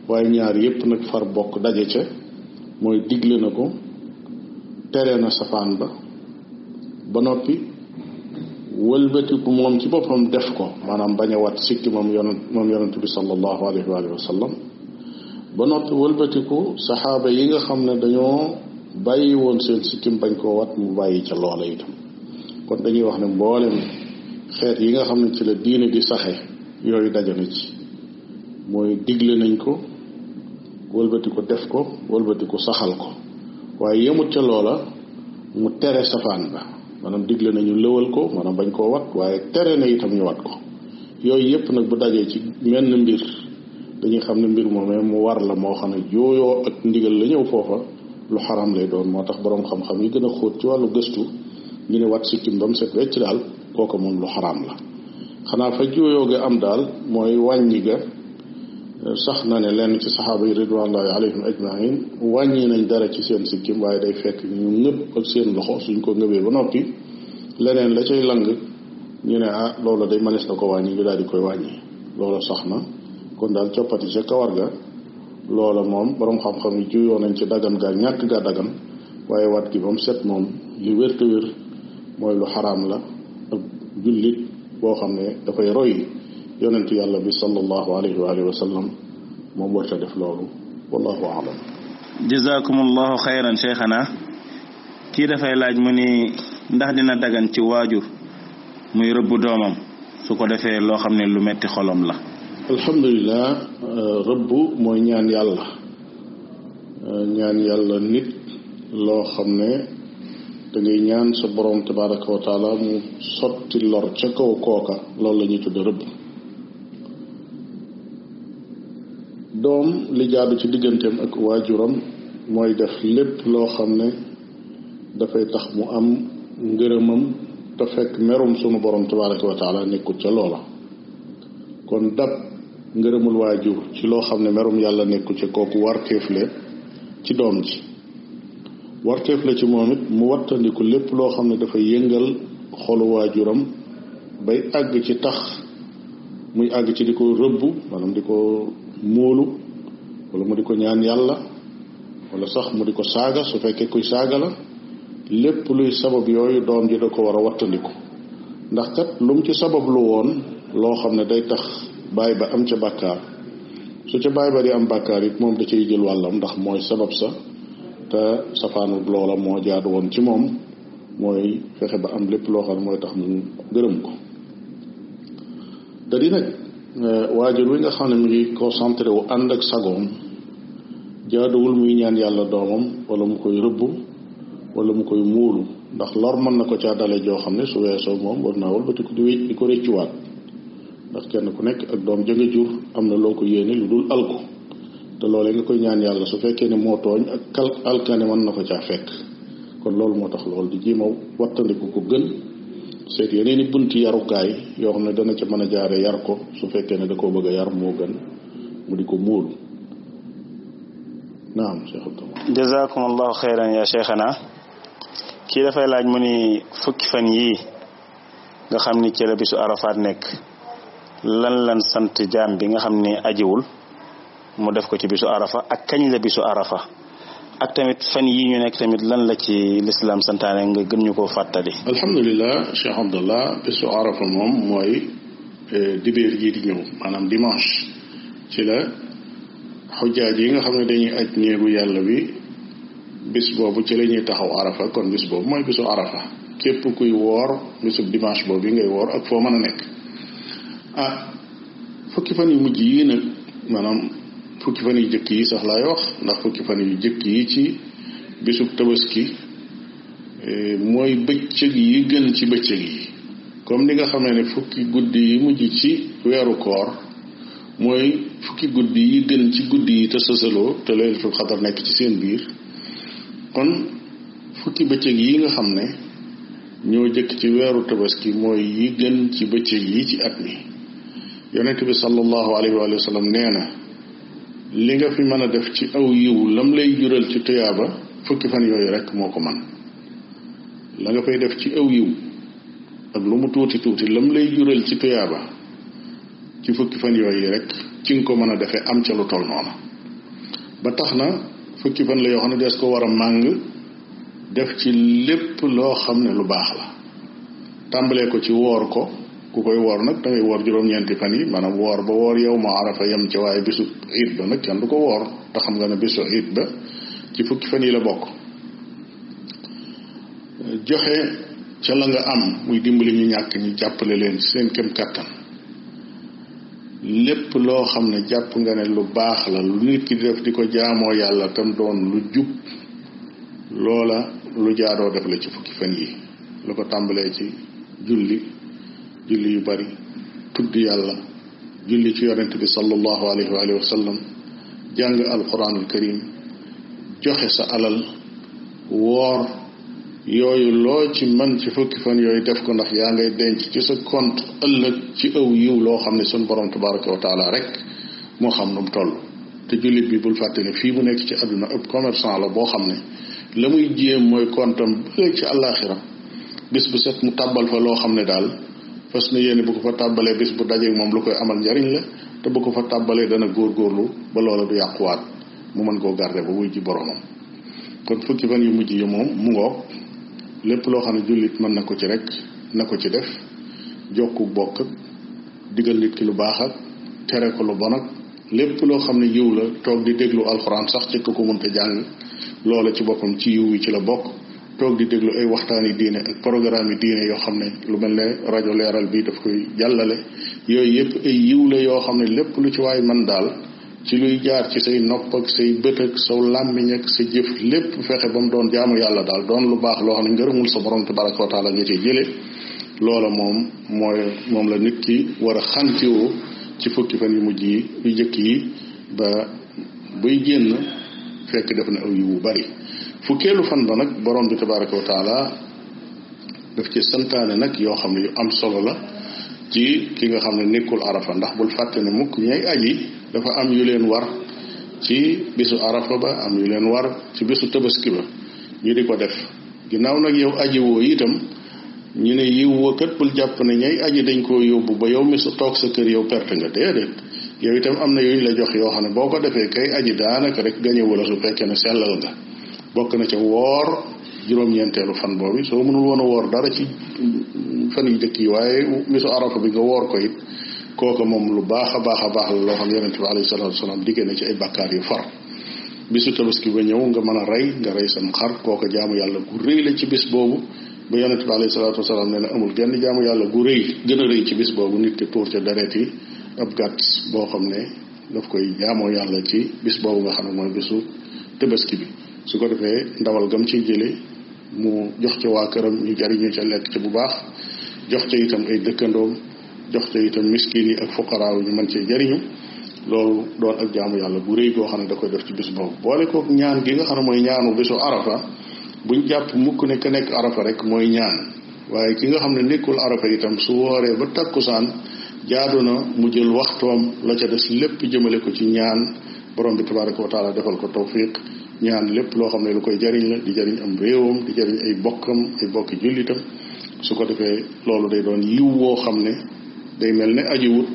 waaye ñaar yépp nag far bokk daje ca mooy digle na ko tere na safaan ba ba noppi wëlbatiku moom ci boppam def ko maanaam bañ wat sikki moom yonent moom yonent bi sallallahu alayhi wa sallam ba noppi wëlbatiku saxaaba yi nga xam ne dañoo bàyyi woon seen sikkim bañ koo wat mu bàyyi ca loola itam kon dañuy wax ne mboolem xeet yi nga xam ne ci la diine di saxe yooyu daje ci mooy digle nañ ko wëlbati def ko wëlbatiku saxal ko waaye yemut ca loola mu tere safaan ba maanaam digle nañu lëwal ko maanaam bañ koo wat waaye tere na itam ñu wat ko yooyu yépp nag bu dajee ci menn mbir dañuy xam ne mbir moomee mu war la moo xam ne jooyoo ak ndigal la ñëw foofa lu xaram lay doon moo tax boroom xam-xam yi gën a xóot ci wàllu gëstu ñu ne wat sikkim ba mu set wecc daal kooka moom lu xaraam la xanaa fa jooyoo ga am daal mooy wàññi ga sax na ne lenn ci saxaaba yi ridwanullahi alayhim ajmain wàññi nañ dara ci seen sikkim waaye day fekk ñu ngëb ak seen loxo suñ ko ngëbee ba noppi leneen la cay lang ñu ne ah loolu day mënees na ko wàññi ñu daal di koy wàññi loolu sax na kon daal coppati ca kawar ga loola moom borom xam-xam yi juyoo nañ ci dagan gaa ñàkk gaa dagan waaye wat gi ba set moom li wér wér mooy lu xaraam la ak jullit boo xam ne dafay roy yonent yàlla bi sallallahu alayhi wa alihi wa sallam moom warta def loolu wallahu alam jazakumullahu xayran cheikhana kii dafay laaj mu ni ndax dina dagan ci waajur muy rëbb doomam su ko defee loo xam ne lu metti xolom la alhamdulilah euh, rëbb mooy ñaan yàlla euh, ñaan yàlla nit loo xam ne dangay ñaan boroom borom tabaraka wa taala mu sotti lor ca kaw kooka loolu la ñuy tudd rëbb doom li jaadu ci digganteem ak waajuram mooy def lépp loo xam ne dafay tax mu am ngërëmam te fekk merum suma borom tabaraka wa taala nekkul ca loola kon dab ngërëmul waajur ci loo xam ne merum yàlla nekku ci kooku warteef ci doom ji warteef la ci moom it mu wattandiku lépp loo xam ne dafay yëngal xolu waajuram bay àgg ci tax muy àgg ci di ko rëbb maanaam di ko móolu wala mu di ko ñaan yàlla wala sax mu di ko saaga su fekkee kuy saaga la lépp luy sabab yooyu doom ji da ko war a wattandiku ndax kat lu mu ci sabab lu woon loo xam ne day tax baay ba am ca bàkkaar su ca baay ba di am bàkkaar it moom da ciy jël wàllam ndax mooy sabab sa te safaanu loola moo jaadu woon ci moom mooy fexe ba am lépp loo xam ne mooy tax mu gërëm ko da nag waajur wi nga xam ne mi ngi concentré wu ànd ak sagoom jaaduwul muy ñaan yàlla doomam wala mu koy rëbb wala mu koy muulu ndax lor mën na ko caa dale joo xam ne su weesoo moom war naa walbatiku di wéy di ko rëccuwaat ndax kenn ku nekk ak doom jënga jur am na loo ko yéene lu dul alku te loolee nga koy ñaan yàlla su fekkee ne moo tooñ ak kal alkane mën na ko caa fekk kon loolu moo tax loolu di jéem a wattandiku ko gën seet yeneen i bunti yarukaay yoo xam ne dana ca mën a jaare yar ko su fekkee ne da koo bëgg a yar moo gën mu di ko móol naam cheikh abdallah jazakum allahu kii dafay laaj mu ni fukki fan yii nga xam ni ci la bisu arafaat nekk lan lan sant jaam bi nga xam ni ajiwul mu def ko ci bisu arafa ak kañ la bisu arafa ak tamit fan yi ñu nekk tamit lan la ci lislaam santaane nga gën ñu koo fàttali alhamdulilah Cheikh Abdallah bésu moom mooy eh, dibéer jii di ñëw maanaam dimanche ci la xujjaaj yi nga xam ne dañuy aj néegu yàlla bi bis boobu ci la ñuy taxaw arafa kon bis boobu mooy bisu arafa képp kuy woor bisub dimanche boobu yi ngay woor ak foo mën a nekk ah fukki fan yu mujj yi nag maanaam fukki fan yu jëkk yi sax laay wax ndax fukki fan yu jëkk yi ci bisub tabaski eh, mooy bëccëg yi gën ci bëccëg yi comme ni nga xamee ne fukki guddi yi mujj ci weeru koor mooy fukki guddi yi gën ci guddi yi te sësaloo te laylatul xadar nekk ci seen biir kon fukki bëccëg yi nga xam ne ñoo jëkk ci weeru tabaski mooy yi gën ci bëccëg yi ci at mi yonent bi sallallahu alayhi wa sallam nee na li nga fi mën a def ci aw yiw lam lay jural ci tuyaaba fukki fan yooyu rek moo ko man la nga fay def ci aw yiw ak lu mu tuuti tuuti lam lay jural ci tuyaaba ci fukki fan yooyu rek ci nga ko mën a defee am ca lu toll noonu ba tax na fukki fan la yoo xam ne des ko war a màng def ci lépp loo xam ne lu baax la tàmbalee ko ci woor ko ku koy woor nag da ngay woor juróom-ñeenti fan yi maanaam woor ba woor yow ma arafa yam ci waaye bisu iid ba nag kenn du ko woor te xam nga ne bisu iid ba ci fukki fan yi la bokk joxe ca la nga am muy dimbali ñu ñàkk ñu jàppale leen seen kem kàttan lépp loo xam ne jàpp nga ne lu baax la lu nit ki di def di ko jaamoo yàlla tam doon lu jub loola lu jaadoo def la ci fukki fan yi lu ko tàmbalee ci julli julli yu bari tudd yàlla julli ci yonent bi sallallahu alayhi wa alihi wa sallam jàng alquranul karim joxe sa alal woor yooyu loo ci man ci fukki fan yooyu def ko ndax yaa ngay denc ci sa compte ëllëg ci aw yiw loo xam ne suñ borom tabaraka wa rek moo xam nu mu te jullit bi bul fàtte fii mu nekk ci àdduna ëpp commerçant la boo xam ne la muy jéem mooy comptam bu ci àllaaxira bis bu set mu tàbbal fa loo xam ne daal fas na yéene bu ko fa tàbbalee bis bu dajeeg moom lu koy amal njariñ la te bu ko fa tàbbalee dana góor góorlu ba loola du yàquwaat mu mën koo garde ba wuy ji boromam kon fukki fan yu mujj yi moom mu ngoog lépp loo xam ne jullit mën na ko ci rek na ko ci def jokku bokk ak digal nit ki lu baax ak tere ko lu bon ak lépp loo xam ne yiw la toog di déglu alxuraan sax ci ko ko mënta jàng loola ci boppam ci yiw yi ci la bokk toog di déglu ay waxtaani diine ak programme yi diine yoo xam ne lu mel ne rajo leeral bi daf koy jàllale yooyu yëpp ay yiw la yoo xam ne lépp lu ci waay man daal ci luy jaar ci say nopp say bët ak saw làmmiñ ak sa jëf lépp fexe ba mu doon jaamu yàlla daal doon lu baax loo xam ne ngërëmul sa borom tabaraka wa taala nga cee jële loola moom mooy moom la nit ki war a xantiwoo ci fukki fan yu mujj yi yu jëkk yi ba buy génn fekk def na aw yiw wu bari fukkeelu fan ba nag boroom bi tabaraka wa taala daf ci santaane nag yoo xam ne yu am solo la ci ki nga xam ne nekkul arafa ndax bul fàtte ne mukk ñay aji dafa am yu leen war ci bisu arafa ba am yu leen war ci bisu tabaski ba ñu di ko def ginnaaw nag yow aji woo itam ñu ne yiw wa kat bul jàpp ne ñay aji dañ koo yóbbu ba yow mi su toog sa kër yow perte nga déedéet yow itam am na yuñ la jox yoo xam ne boo ko defee kay aji daanaka rek gañewula su fekkee ne sellal nga bokk na ca woor juróom-ñeenteelu fan boobu soo mënul woon a woor dara ci fan yu jëkk yi waaye bisu arafa bi nga woor ko it kooka moom lu baax a baax a baax la loo xam yonente bi alayhi salatu wasalaam diggée ci ay bakkaar yu far bisu tabaski ba ñëw nga mën a rey nga rey sam xar kooka jaamu yàlla gu rëy la ci bis boobu ba yonente bi alayhi salatu wasalaam nee na amul genn jaamu yàlla gu rëy gën a rëy ci bis boobu nit te tuur ca deret yi ab gàtt boo xam ne daf koy jaamoo yàlla ci bis boobu nga xam ne mooy bisu tabaski bi su ko defee ndawal gam ciy jële mu jox ci waa këram ñu jariñu ca lekk ca bu baax jox ca itam ay dëkkandoom jox ca itam miskin yi ak fuqaraaw ñu mën cee jariñu loolu doon ak jaamu yàlla bu rëy goo xam ne da koy def ci bis boobu boole kook ñaan gi nga xam ne mooy ñaanu bisu arafa buñ jàpp mukk ne ka nekk arafa rek mooy ñaan waaye ki nga xam ne nekkul arafa itam su wooree ba takkusaan jaadu na mu jël waxtoom la ca des lépp jëmale ko ci ñaan borom bi tabaraka wa taala defal ko tawfiq ñaan lépp loo xam ne lu koy jariñ la di jariñ am réewam di jariñ ay bokkam ay bokki jullitam su ko defee loolu day doon yiw woo xam ne day mel ne ajiwut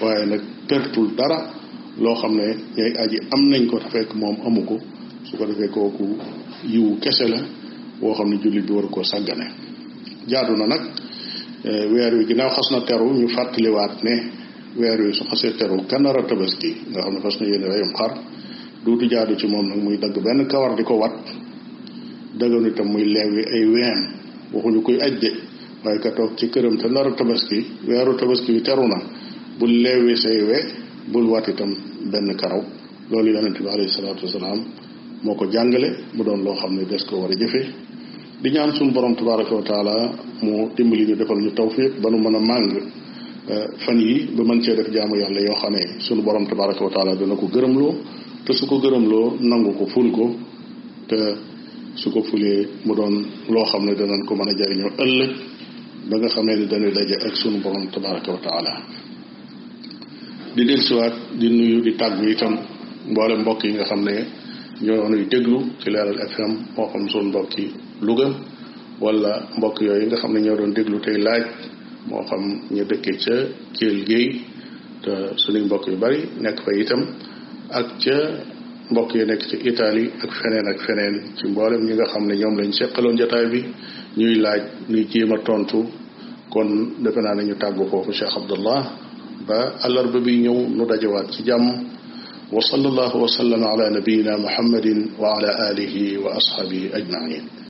waaye nag pertul dara loo xam ne ñay aji am nañ ko te fekk moom amu ko su ko defee kooku yiwu kese la woo xam ne jullit bi war koo sàggane jaatu na nag eh, weer wi ginnaaw xas na teru ñu fàttaliwaat ne weer wi su xasee teru kanara tabaski nga xam ne fas na yéene reyum xar duuti jaadu ci moom nag muy dagg benn kawar di ko wat dëganu itam muy leew ay ween waxuñu koy ajde waaye ka toog ci këram te naru tabaski weeru tabaski bi teru na bul leewi say we bul wat itam benn karaw loolu yonente bi alayhi salaatu wasalaam moo ko jàngale mu doon loo xam ne des ko war a jëfe di ñaan suñu borom tabaraka wa taala mu dimbali ñu defal ñu tawfiq ba nu mën a màng eh, fan yi ba mën cee def jaamu yàlla yoo xam ne suñu borom tabaraka wa taala dana ko gërëmloo te su ko gërëmloo nangu ko ful ko te su ko fulee mu doon loo xam ne danañ ko mën a jariñoo ëllëg ba nga xam ne dañuy daje ak sunu borom tabaraka wa taala di dellusiwaat di nuyu di tàggu itam mboole mbokk yi nga xam ne ñoo nuy déglu ci leeral FM moo xam sunu mbokk yi Louga wala mbokk yooyu nga xam ne ñoo doon déglu tey laaj moo xam ñu dëkkee ca Thiel Guèye te sunuy mbokk yu bari nekk fa itam ak ca mbokk yi nekk ci Italie ak feneen ak feneen ci mboolem ñi nga xam ne ñoom lañ seqaloon jotaay bi ñuy laaj ñuy jéem a tontu kon defe naa ne ñu tàggu foofu Cheikh Abdallah ba àllarba bi ñëw nu waat ci jàmm wa sallallahu wa sallam ala nabiyina muhammadin wa ala alihi wa ashabihi ajmain